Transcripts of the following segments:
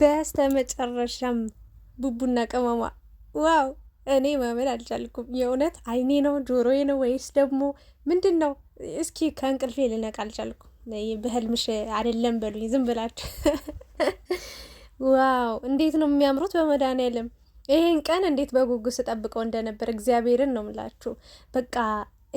በስተመጨረሻም ቡቡና ቅመማ ዋው! እኔ ማመን አልቻልኩም። የእውነት አይኔ ነው ጆሮዬ ነው ወይስ ደግሞ ምንድን ነው? እስኪ ከእንቅልፌ ልነቅ አልቻልኩም። በህልምሽ አይደለም በሉኝ ዝም ብላችሁ። ዋው እንዴት ነው የሚያምሩት! በመድኃኒዓለም ይሄን ቀን እንዴት በጉጉት ስጠብቀው እንደነበር እግዚአብሔርን ነው ምላችሁ። በቃ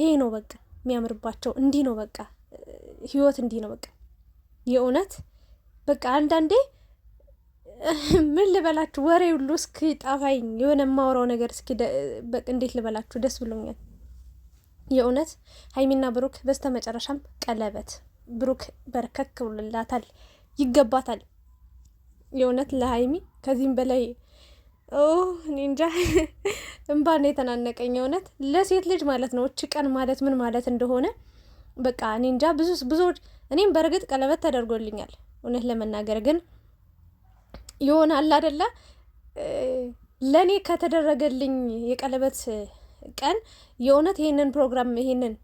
ይሄ ነው በቃ የሚያምርባቸው። እንዲህ ነው በቃ ህይወት እንዲህ ነው በቃ የእውነት በቃ አንዳንዴ ምን ልበላችሁ ወሬ ሁሉ እስኪ ጣፋኝ የሆነ የማወራው ነገር እስኪ በቅ እንዴት ልበላችሁ ደስ ብሎኛል። የእውነት ሀይሚና ብሩክ በስተ መጨረሻም ቀለበት ብሩክ በርከክ ብሎላታል፣ ይገባታል። የእውነት ለሀይሚ ከዚህም በላይ እኔ እንጃ እንባ ነው የተናነቀኝ። የእውነት ለሴት ልጅ ማለት ነው እች ቀን ማለት ምን ማለት እንደሆነ በቃ እኔ እንጃ ብዙ ብዙዎች እኔም በእርግጥ ቀለበት ተደርጎልኛል እውነት ለመናገር ግን ይሆናል አደለ? ለእኔ ከተደረገልኝ የቀለበት ቀን የእውነት ይሄንን ፕሮግራም ይሄንን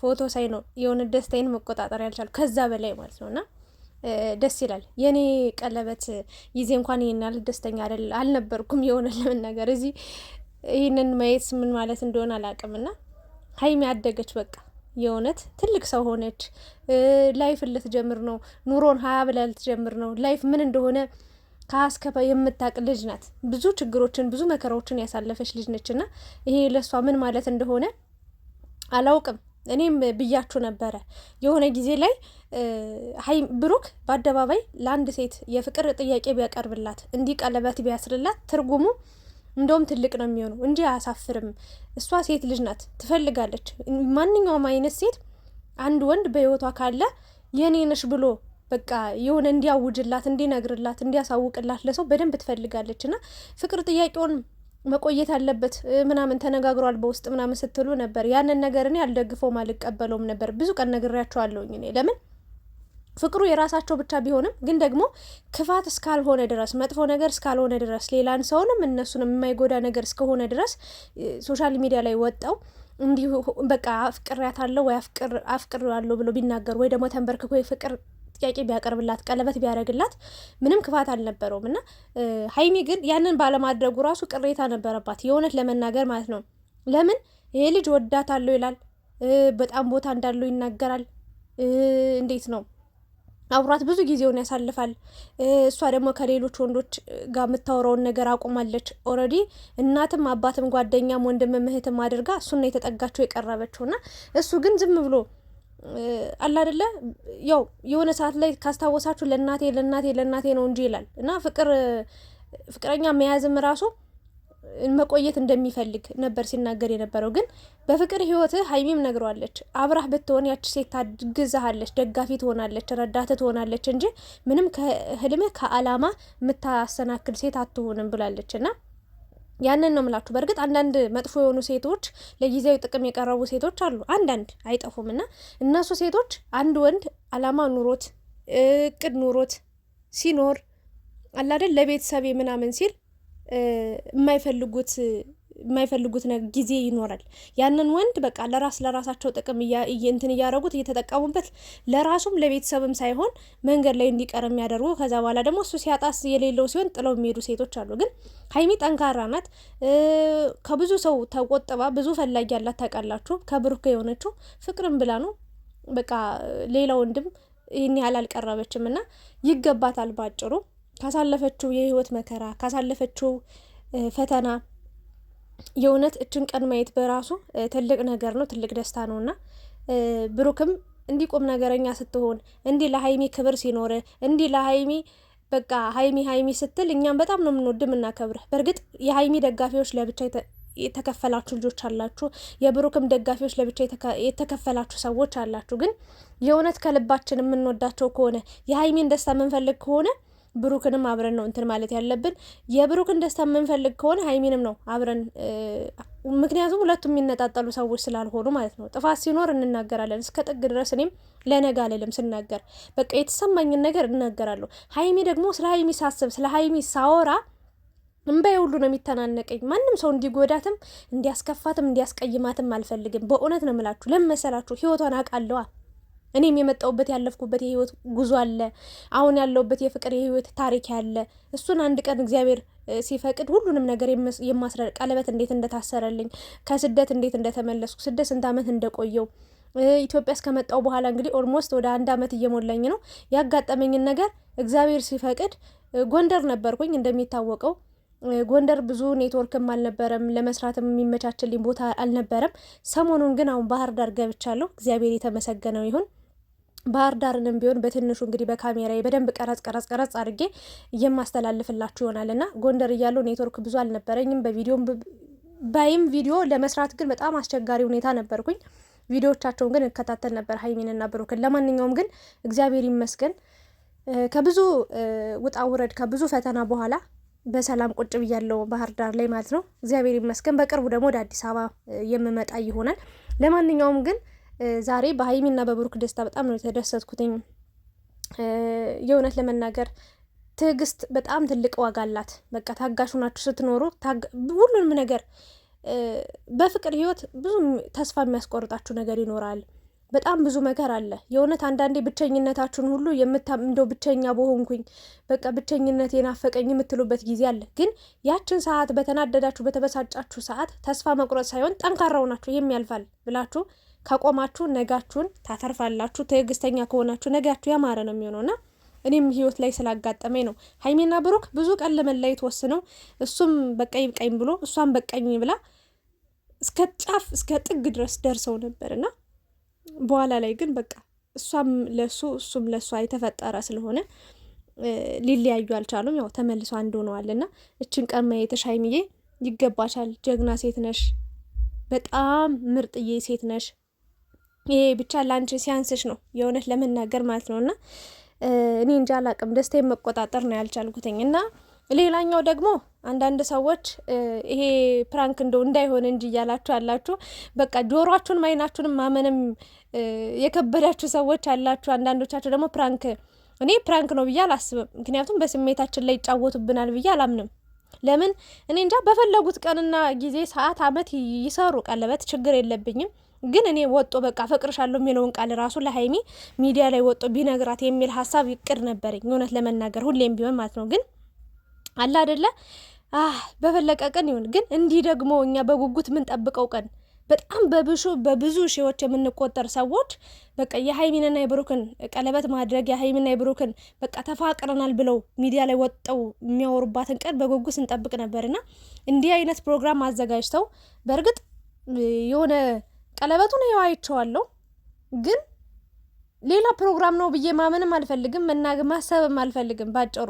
ፎቶ ሳይ ነው የሆነ ደስታዬን መቆጣጠር ያልቻሉ ከዛ በላይ ማለት ነው። እና ደስ ይላል። የእኔ ቀለበት ጊዜ እንኳን ይህን ያህል ደስተኛ አልነበርኩም። የሆነ ለምን ነገር እዚህ ይህንን ማየት ምን ማለት እንደሆነ አላውቅም። እና ሀይሚ ያደገች በቃ የእውነት ትልቅ ሰው ሆነች። ላይፍ ልትጀምር ነው። ኑሮን ሀያ ብላ ልትጀምር ነው። ላይፍ ምን እንደሆነ ከአስከባ የምታቅ ልጅ ናት። ብዙ ችግሮችን ብዙ መከራዎችን ያሳለፈች ልጅ ነች እና ይሄ ለእሷ ምን ማለት እንደሆነ አላውቅም። እኔም ብያችሁ ነበረ የሆነ ጊዜ ላይ ብሩክ በአደባባይ ለአንድ ሴት የፍቅር ጥያቄ ቢያቀርብላት እንዲህ ቀለበት ቢያስርላት ትርጉሙ እንደውም ትልቅ ነው የሚሆነው እንጂ አያሳፍርም። እሷ ሴት ልጅ ናት፣ ትፈልጋለች። ማንኛውም አይነት ሴት አንድ ወንድ በህይወቷ ካለ የኔ ነሽ ብሎ በቃ የሆነ እንዲያውጅላት፣ እንዲነግርላት፣ እንዲያሳውቅላት ለሰው በደንብ ትፈልጋለች እና ፍቅር ጥያቄውን መቆየት አለበት ምናምን ተነጋግሯል በውስጥ ምናምን ስትሉ ነበር። ያንን ነገር እኔ አልደግፈውም አልቀበለውም ነበር። ብዙ ቀን ነግሬያቸዋለሁኝ እኔ ለምን ፍቅሩ የራሳቸው ብቻ ቢሆንም ግን ደግሞ ክፋት እስካልሆነ ድረስ መጥፎ ነገር እስካልሆነ ድረስ ሌላን ሰውንም እነሱንም የማይጎዳ ነገር እስከሆነ ድረስ ሶሻል ሚዲያ ላይ ወጣው እንዲሁ በቃ አፍቅሬያታለሁ ወይ አለው ብሎ ቢናገሩ ወይ ደግሞ ተንበርክኮ የፍቅር ጥያቄ ቢያቀርብላት ቀለበት ቢያደርግላት ምንም ክፋት አልነበረውም እና ሀይሚ ግን ያንን ባለማድረጉ ራሱ ቅሬታ ነበረባት፣ የእውነት ለመናገር ማለት ነው። ለምን ይሄ ልጅ አለው ይላል፣ በጣም ቦታ እንዳለው ይናገራል። እንዴት ነው አብሯት ብዙ ጊዜውን ያሳልፋል። እሷ ደግሞ ከሌሎች ወንዶች ጋር የምታወራውን ነገር አቁማለች። ኦልሬዲ እናትም አባትም ጓደኛም ወንድም እህትም አድርጋ እሱና የተጠጋቸው የቀረበችው እና እሱ ግን ዝም ብሎ አለ አይደለ ያው የሆነ ሰዓት ላይ ካስታወሳችሁ ለእናቴ ለእናቴ ለእናቴ ነው እንጂ ይላል እና ፍቅር ፍቅረኛ መያዝም ራሱ መቆየት እንደሚፈልግ ነበር ሲናገር የነበረው። ግን በፍቅር ህይወትህ ሀይሚም ነግረዋለች፣ አብራህ ብትሆን ያች ሴት ታግዝሃለች፣ ደጋፊ ትሆናለች፣ ረዳት ትሆናለች እንጂ ምንም ከህልምህ ከአላማ የምታሰናክል ሴት አትሆንም ብላለች እና ያንን ነው የምላችሁ። በእርግጥ አንዳንድ መጥፎ የሆኑ ሴቶች ለጊዜያዊ ጥቅም የቀረቡ ሴቶች አሉ፣ አንዳንድ አይጠፉም። እና እነሱ ሴቶች አንድ ወንድ አላማ ኑሮት እቅድ ኑሮት ሲኖር አላደል ለቤተሰብ ምናምን ሲል የማይፈልጉት የማይፈልጉት ጊዜ ይኖራል። ያንን ወንድ በቃ ለራስ ለራሳቸው ጥቅም እንትን እያደረጉት እየተጠቀሙበት ለራሱም ለቤተሰብም ሳይሆን መንገድ ላይ እንዲቀር የሚያደርጉ ከዛ በኋላ ደግሞ እሱ ሲያጣስ የሌለው ሲሆን ጥለው የሚሄዱ ሴቶች አሉ። ግን ሀይሚ ጠንካራ ናት። ከብዙ ሰው ተቆጥባ ብዙ ፈላጊ ያላት ታውቃላችሁ። ከብሩክ የሆነችው ፍቅርም ብላ ነው። በቃ ሌላ ወንድም ይህን ያህል አልቀረበችም እና ይገባታል። ባጭሩ ካሳለፈችው የህይወት መከራ ካሳለፈችው ፈተና የእውነት እችን ቀን ማየት በራሱ ትልቅ ነገር ነው፣ ትልቅ ደስታ ነው እና ብሩክም እንዲህ ቁም ነገረኛ ስትሆን እንዲህ ለሀይሚ ክብር ሲኖር እንዲህ ለሀይሚ በቃ ሀይሚ ሀይሚ ስትል እኛም በጣም ነው የምንወድ የምናከብርህ። በእርግጥ የሀይሚ ደጋፊዎች ለብቻ የተከፈላችሁ ልጆች አላችሁ፣ የብሩክም ደጋፊዎች ለብቻ የተከፈላችሁ ሰዎች አላችሁ። ግን የእውነት ከልባችን የምንወዳቸው ከሆነ የሀይሚን ደስታ የምንፈልግ ከሆነ ብሩክንም አብረን ነው እንትን ማለት ያለብን። የብሩክን ደስታ የምንፈልግ ከሆነ ሀይሚንም ነው አብረን ምክንያቱም ሁለቱም የሚነጣጠሉ ሰዎች ስላልሆኑ ማለት ነው። ጥፋት ሲኖር እንናገራለን እስከ ጥግ ድረስ። እኔም ለነገ አልልም ስናገር በቃ የተሰማኝን ነገር እናገራለሁ። ሀይሚ ደግሞ ስለ ሀይሚ ሳስብ ስለ ሀይሚ ሳወራ እምባዬ ሁሉ ነው የሚተናነቀኝ። ማንም ሰው እንዲጎዳትም እንዲያስከፋትም እንዲያስቀይማትም አልፈልግም። በእውነት ነው የምላችሁ። ለመሰላችሁ ህይወቷን አውቃለዋ። እኔም የመጣሁበት ያለፍኩበት የህይወት ጉዞ አለ። አሁን ያለሁበት የፍቅር የህይወት ታሪክ ያለ። እሱን አንድ ቀን እግዚአብሔር ሲፈቅድ ሁሉንም ነገር የማስረድ ቀለበት እንዴት እንደታሰረልኝ ከስደት እንዴት እንደተመለስኩ ስደት ስንት ዓመት እንደቆየው ኢትዮጵያ እስከመጣው በኋላ እንግዲህ ኦልሞስት ወደ አንድ ዓመት እየሞላኝ ነው። ያጋጠመኝን ነገር እግዚአብሔር ሲፈቅድ ጎንደር ነበርኩኝ እንደሚታወቀው ጎንደር ብዙ ኔትወርክም አልነበረም፣ ለመስራትም የሚመቻችልኝ ቦታ አልነበረም። ሰሞኑን ግን አሁን ባህር ዳር ገብቻለሁ። እግዚአብሔር የተመሰገነው ይሁን። ባህር ዳርንም ቢሆን በትንሹ እንግዲህ በካሜራ በደንብ ቀረጽ ቀረጽ ቀረጽ አድርጌ የማስተላልፍላችሁ ይሆናል እና ጎንደር እያለው ኔትወርክ ብዙ አልነበረኝም። በቪዲዮም ባይም ቪዲዮ ለመስራት ግን በጣም አስቸጋሪ ሁኔታ ነበርኩኝ። ቪዲዮዎቻቸውን ግን እከታተል ነበር ሀይሚንና ብሩክን። ለማንኛውም ግን እግዚአብሔር ይመስገን ከብዙ ውጣ ውረድ ከብዙ ፈተና በኋላ በሰላም ቁጭ ብያለው ባህር ዳር ላይ ማለት ነው። እግዚአብሔር ይመስገን። በቅርቡ ደግሞ ወደ አዲስ አበባ የምመጣ ይሆናል። ለማንኛውም ግን ዛሬ በሀይሚና በብሩክ ደስታ በጣም ነው የተደሰትኩትኝ። የእውነት ለመናገር ትዕግስት በጣም ትልቅ ዋጋ አላት። በቃ ታጋሽ ናችሁ ስትኖሩ ሁሉንም ነገር በፍቅር ህይወት ብዙ ተስፋ የሚያስቆርጣችሁ ነገር ይኖራል። በጣም ብዙ መከር አለ። የእውነት አንዳንዴ ብቸኝነታችሁን ሁሉ እንደው ብቸኛ በሆንኩኝ በቃ ብቸኝነት የናፈቀኝ የምትሉበት ጊዜ አለ። ግን ያችን ሰዓት በተናደዳችሁ በተበሳጫችሁ ሰዓት ተስፋ መቁረጥ ሳይሆን ጠንካራው ናችሁ የሚያልፋል ብላችሁ ከቆማችሁ ነጋችሁን ታተርፋላችሁ። ትዕግስተኛ ከሆናችሁ ነጋችሁ ያማረ ነው ና እኔም ህይወት ላይ ስላጋጠመኝ ነው። ሀይሜና ብሩክ ብዙ ቀን ለመለየት ወስነው እሱም በቀኝ ቀኝ ብሎ እሷም በቀኝ ብላ እስከ ጫፍ እስከ ጥግ ድረስ ደርሰው ነበርና በኋላ ላይ ግን በቃ እሷም ለሱ እሱም ለሷ የተፈጠረ ስለሆነ ሊለያዩ አልቻሉም። ያው ተመልሶ አንድ ሆነዋልና እችን ቀን ማየትሽ ሀይሚዬ ይገባሻል። ጀግና ሴት ነሽ። በጣም ምርጥዬ ሴት ነሽ። ይሄ ብቻ ለአንቺ ሲያንስሽ ነው የእውነት ለመናገር ማለት ነው። እና እኔ እንጃ አላቅም ደስታ መቆጣጠር ነው ያልቻልኩትኝ። እና ሌላኛው ደግሞ አንዳንድ ሰዎች ይሄ ፕራንክ እንደው እንዳይሆን እንጂ እያላችሁ አላችሁ። በቃ ጆሯችሁን አይናችሁንም ማመንም የከበዳችሁ ሰዎች አላችሁ። አንዳንዶቻችሁ ደግሞ ፕራንክ እኔ ፕራንክ ነው ብዬ አላስብም። ምክንያቱም በስሜታችን ላይ ይጫወቱብናል ብዬ አላምንም። ለምን እኔ እንጃ በፈለጉት ቀንና ጊዜ፣ ሰዓት፣ አመት ይሰሩ ቀለበት ችግር የለብኝም። ግን እኔ ወጦ በቃ አፈቅርሻለሁ የሚለውን ቃል ራሱ ለሀይሚ ሚዲያ ላይ ወጦ ቢነግራት የሚል ሀሳብ ይቅር ነበረኝ፣ እውነት ለመናገር ሁሌም ቢሆን ማለት ነው። ግን አለ አደለ በፈለቀ ቀን ይሁን ግን እንዲህ ደግሞ እኛ በጉጉት የምንጠብቀው ቀን በጣም በብዙ በብዙ ሺዎች የምንቆጠር ሰዎች በቃ የሀይሚንና የብሩክን ቀለበት ማድረግ የሀይሚና የብሩክን በቃ ተፋቅረናል ብለው ሚዲያ ላይ ወጠው የሚያወሩባትን ቀን በጉጉት ስንጠብቅ ነበርና እንዲህ አይነት ፕሮግራም አዘጋጅተው በእርግጥ የሆነ ቀለበቱን ይኸው አይቼዋለሁ፣ ግን ሌላ ፕሮግራም ነው ብዬ ማመንም አልፈልግም፣ መናገር ማሰብም አልፈልግም። ባጭሩ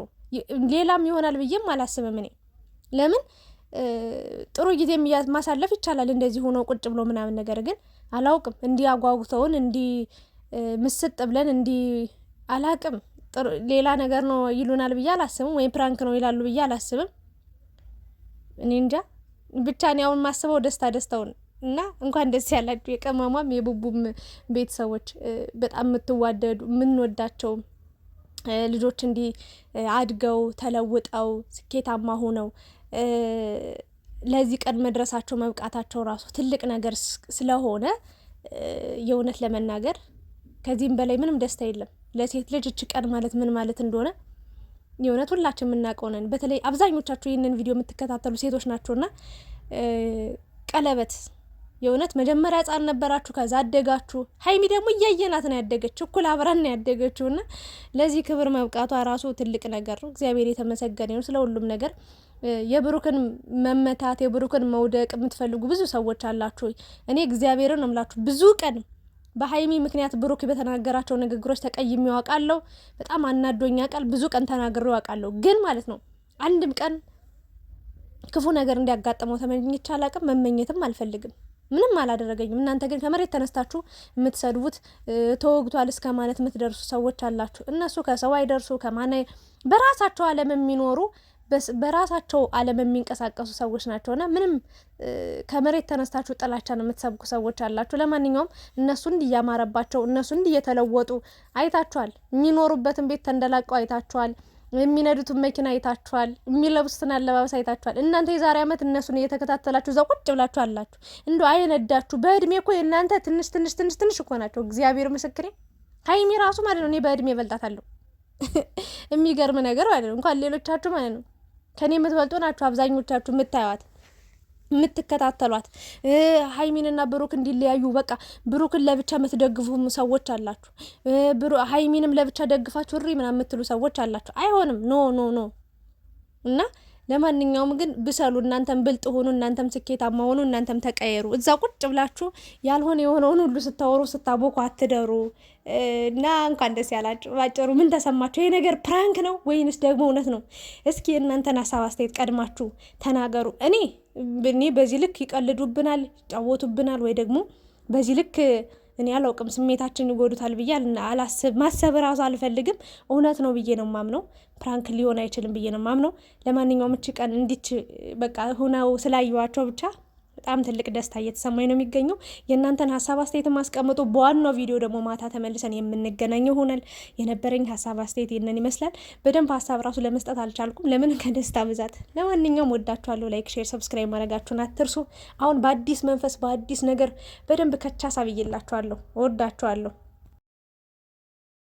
ሌላም ይሆናል ብዬም አላስብም እኔ ለምን ጥሩ ጊዜ ማሳለፍ ይቻላል እንደዚህ ሆኖ ቁጭ ብሎ ምናምን። ነገር ግን አላውቅም እንዲህ አጓጉተውን እንዲህ ምስጥ ብለን እንዲህ አላቅም። ሌላ ነገር ነው ይሉናል ብዬ አላስብም፣ ወይም ፕራንክ ነው ይላሉ ብዬ አላስብም። እኔ እንጃ ብቻ እኔ አሁን ማስበው ደስታ ደስታውን እና እንኳን ደስ ያላችሁ የቅመሟም የቡቡም ቤተሰቦች በጣም የምትዋደዱ የምንወዳቸው ልጆች እንዲህ አድገው ተለውጠው ስኬታማ ሆነው ለዚህ ቀን መድረሳቸው መብቃታቸው ራሱ ትልቅ ነገር ስለሆነ የእውነት ለመናገር ከዚህም በላይ ምንም ደስታ የለም። ለሴት ልጅ እች ቀን ማለት ምን ማለት እንደሆነ የእውነት ሁላችን የምናውቀው ነን። በተለይ አብዛኞቻችሁ ይህንን ቪዲዮ የምትከታተሉ ሴቶች ናቸውና ቀለበት የእውነት መጀመሪያ ህጻን ነበራችሁ፣ ከዛ አደጋችሁ። ሀይሚ ደግሞ እያየናት ነው ያደገችው፣ እኩል አብራን ነው ያደገችው እና ለዚህ ክብር መብቃቷ ራሱ ትልቅ ነገር ነው። እግዚአብሔር የተመሰገነ ነው ስለ ሁሉም ነገር። የብሩክን መመታት የብሩክን መውደቅ የምትፈልጉ ብዙ ሰዎች አላችሁ። እኔ እግዚአብሔርን እምላችሁ ብዙ ቀን በሀይሚ ምክንያት ብሩክ በተናገራቸው ንግግሮች ተቀይሜ አውቃለሁ። በጣም አናዶኛ ቃል ብዙ ቀን ተናግሬ አውቃለሁ። ግን ማለት ነው አንድም ቀን ክፉ ነገር እንዲያጋጥመው ተመኝቼ አላቅም፣ መመኘትም አልፈልግም። ምንም አላደረገኝም። እናንተ ግን ከመሬት ተነስታችሁ የምትሰድቡት ተወግቷል እስከ ማለት የምትደርሱ ሰዎች አላችሁ። እነሱ ከሰው አይደርሱ ከማነ በራሳቸው ዓለም የሚኖሩ በራሳቸው ዓለም የሚንቀሳቀሱ ሰዎች ናቸውና ምንም ከመሬት ተነስታችሁ ጥላቻን የምትሰብኩ ሰዎች አላችሁ። ለማንኛውም እነሱ እንዲያማረባቸው እነሱ እንዲየተለወጡ አይታችኋል። የሚኖሩበትን ቤት ተንደላቀው አይታችኋል። የሚነዱትን መኪና አይታችኋል፣ የሚለብሱትን አለባበስ አይታችኋል። እናንተ የዛሬ ዓመት እነሱን እየተከታተላችሁ እዛ ቁጭ ብላችሁ አላችሁ። እንደ አይነዳችሁ በእድሜ እኮ የእናንተ ትንሽ ትንሽ ትንሽ ትንሽ እኮ ናቸው። እግዚአብሔር ምስክሬ ሀይሚ ራሱ ማለት ነው እኔ በእድሜ እበልጣታለሁ። የሚገርም ነገር ማለት ነው። እንኳን ሌሎቻችሁ ማለት ነው ከእኔ የምትበልጡ ናችሁ አብዛኞቻችሁ የምታዩት። የምትከታተሏት ሀይሚንና ብሩክ እንዲለያዩ በቃ ብሩክን ለብቻ የምትደግፉ ሰዎች አላችሁ፣ ሀይሚንም ለብቻ ደግፋችሁ እሪ ምናምን የምትሉ ሰዎች አላችሁ። አይሆንም። ኖ ኖ ኖ እና ለማንኛውም ግን ብሰሉ፣ እናንተም ብልጥ ሆኑ፣ እናንተም ስኬታማ ሆኑ፣ እናንተም ተቀየሩ። እዛ ቁጭ ብላችሁ ያልሆነ የሆነውን ሁሉ ስታወሩ ስታቦኩ አትደሩ። እና እንኳን ደስ ያላችሁ። ባጭሩ ምን ተሰማችሁ? ይሄ ነገር ፕራንክ ነው ወይንስ ደግሞ እውነት ነው? እስኪ እናንተን ሀሳብ አስተያየት ቀድማችሁ ተናገሩ። እኔ እኔ በዚህ ልክ ይቀልዱብናል፣ ይጫወቱብናል ወይ ደግሞ በዚህ ልክ እኔ አላውቅም፣ ስሜታችን ይጎዱታል ብዬ አላስብ ማሰብ ራሱ አልፈልግም። እውነት ነው ብዬ ነው ማምነው። ፕራንክ ሊሆን አይችልም ብዬ ነው ማምነው። ለማንኛውም እቺ ቀን እንዲች በቃ ሁነው ስላየዋቸው ብቻ በጣም ትልቅ ደስታ እየተሰማኝ ነው የሚገኘው። የእናንተን ሀሳብ አስተያየት ማስቀምጡ። በዋናው ቪዲዮ ደግሞ ማታ ተመልሰን የምንገናኘው ይሆናል። የነበረኝ ሀሳብ አስተያየት ይህንን ይመስላል። በደንብ ሀሳብ ራሱ ለመስጠት አልቻልኩም፣ ለምን ከደስታ ብዛት። ለማንኛውም ወዳችኋለሁ። ላይክ፣ ሼር፣ ሰብስክራይብ ማድረጋችሁን አትርሱ። አሁን በአዲስ መንፈስ በአዲስ ነገር በደንብ ከቻሳ እየላችኋለሁ። ወዳችኋለሁ።